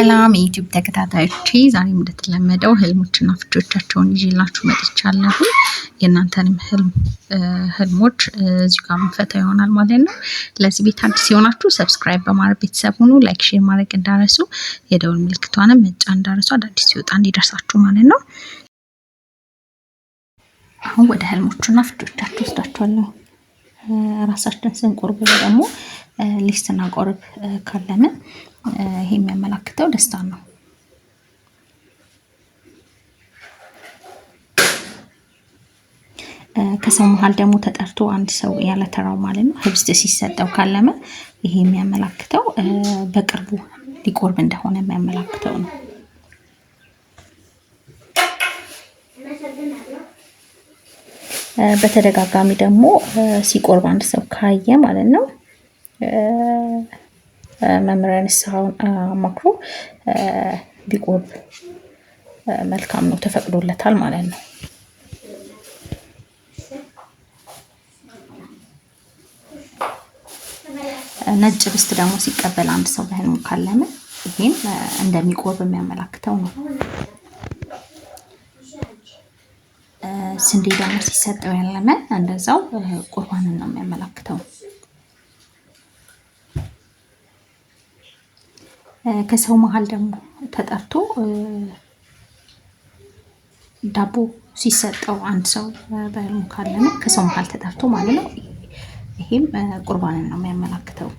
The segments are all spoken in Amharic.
ሰላም የዩቲዩብ ተከታታዮቼ ዛሬም እንደተለመደው ህልሞችና ፍቾቻቸውን ይዤላችሁ መጥቻለሁ። የእናንተንም ህልሞች እዚሁ ጋር መንፈታ ይሆናል ማለት ነው። ለዚህ ቤት አዲስ የሆናችሁ ሰብስክራይብ በማድረግ ቤተሰብ ሁኑ። ላይክ፣ ሼር ማድረግ እንዳረሱ፣ የደውል ምልክቷንም መጫ እንዳረሱ፣ አዳዲስ ሲወጣ እንዲደርሳችሁ ማለት ነው። አሁን ወደ ህልሞቹና ፍቾቻቸው ወስዳችኋለሁ። ራሳችን ስንቆርብ ደግሞ ሊስትና ቆርብ ካለምን ይህ የሚያመላክተው ደስታ ነው። ከሰው መሀል ደግሞ ተጠርቶ አንድ ሰው ያለ ተራው ማለት ነው ህብስት ሲሰጠው ካለመ ይሄ የሚያመላክተው በቅርቡ ሊቆርብ እንደሆነ የሚያመላክተው ነው። በተደጋጋሚ ደግሞ ሲቆርብ አንድ ሰው ካየ ማለት ነው መምህረ ንስሐውን አማክሮ ቢቆርብ መልካም ነው፣ ተፈቅዶለታል ማለት ነው። ነጭ ብስት ደግሞ ሲቀበል አንድ ሰው በህልሙ ካለመ ይህም እንደሚቆርብ የሚያመላክተው ነው። ስንዴ ደግሞ ሲሰጠው ያለመ እንደዛው ቁርባንን ነው የሚያመላክተው። ከሰው መሀል ደግሞ ተጠርቶ ዳቦ ሲሰጠው አንድ ሰው በህልሙ ካለ ነው፣ ከሰው መሀል ተጠርቶ ማለት ነው። ይሄም ቁርባንን ነው የሚያመላክተው።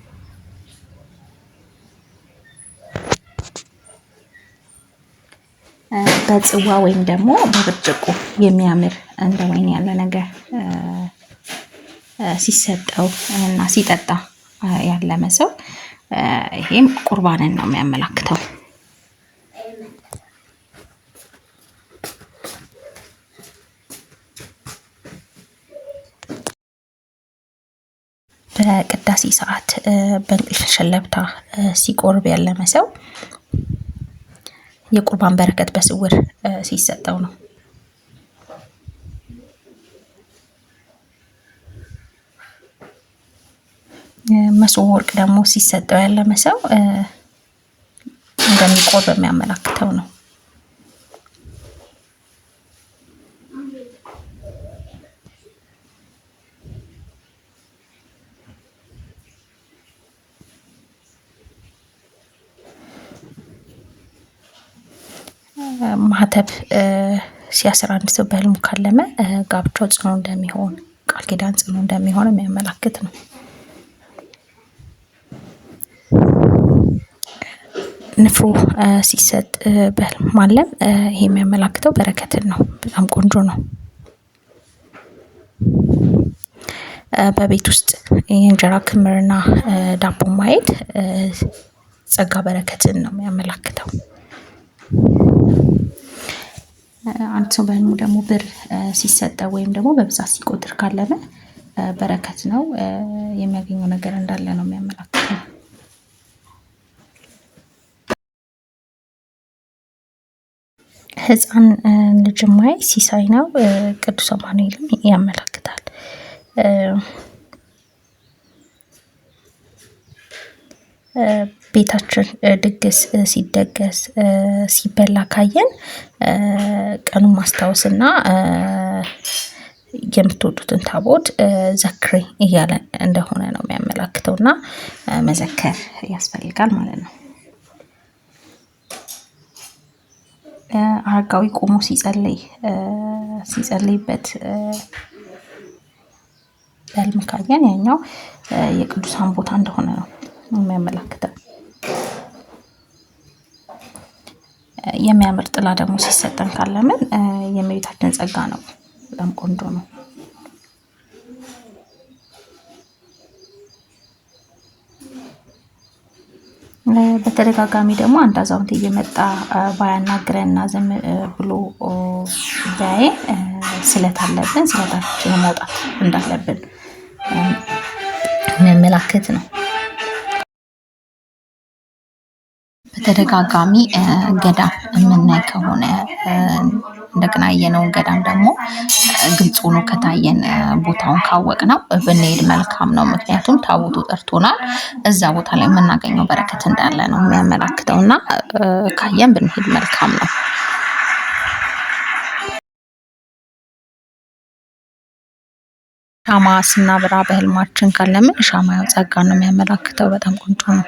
በጽዋ ወይም ደግሞ በብርጭቆ የሚያምር እንደ ወይን ያለ ነገር ሲሰጠው እና ሲጠጣ ያለመ ሰው ይሄም ቁርባንን ነው የሚያመላክተው። በቅዳሴ ሰዓት በእንቅልፍ ሸለብታ ሲቆርብ ያለመ ሰው የቁርባን በረከት በስውር ሲሰጠው ነው። መሶበ ወርቅ ደግሞ ሲሰጠው ያለመ ሰው እንደሚቆር የሚያመላክተው ነው። ማህተብ ሲያስር አንድ ሰው በህልሙ ካለመ ጋብቻው ጽኑ እንደሚሆን ቃል ኪዳን ጽኑ እንደሚሆን የሚያመላክት ነው። ንፍሮ ሲሰጥ ማለም ይሄ የሚያመላክተው በረከትን ነው። በጣም ቆንጆ ነው። በቤት ውስጥ የእንጀራ ክምርና ዳቦ ማየት ጸጋ በረከትን ነው የሚያመላክተው። አንድ ሰው በህልሙ ደግሞ ብር ሲሰጠ ወይም ደግሞ በብዛት ሲቆጥር ካለመ በረከት ነው። የሚያገኘው ነገር እንዳለ ነው የሚያመላክተው ህፃን ልጅ ሲሳይ ነው። ቅዱስ አማኑኤልም ያመለክታል። ቤታችን ድግስ ሲደገስ ሲበላ ካየን ቀኑን ማስታወስና የምትወዱትን ታቦት ዘክሬ እያለ እንደሆነ ነው የሚያመላክተው እና መዘከር ያስፈልጋል ማለት ነው። አረጋዊ ቆሞ ሲጸልይ ሲጸልይበት በህልም ካየን ያኛው የቅዱሳን ቦታ እንደሆነ ነው የሚያመላክተው። የሚያምር ጥላ ደግሞ ሲሰጠን ካለምን የእመቤታችን ጸጋ ነው። በጣም ቆንጆ ነው። በተደጋጋሚ ደግሞ አንድ አዛውንት እየመጣ ባያናግረንና ዝም ብሎ ቢያየን ስለት አለብን፣ ስለታችን መውጣት እንዳለብን መመላከት ነው። በተደጋጋሚ ገዳም የምናይ ከሆነ እንደገና ያየነውን ገዳም ደግሞ ግልጽ ሆኖ ከታየን ቦታውን ካወቅ ነው ብንሄድ መልካም ነው። ምክንያቱም ታቦቱ ጠርቶናል። እዛ ቦታ ላይ የምናገኘው በረከት እንዳለ ነው የሚያመላክተው እና ካየን ብንሄድ መልካም ነው። ሻማ ስናብራ በህልማችን ካለምን ሻማ ያው ጸጋ ነው የሚያመላክተው። በጣም ቆንጆ ነው።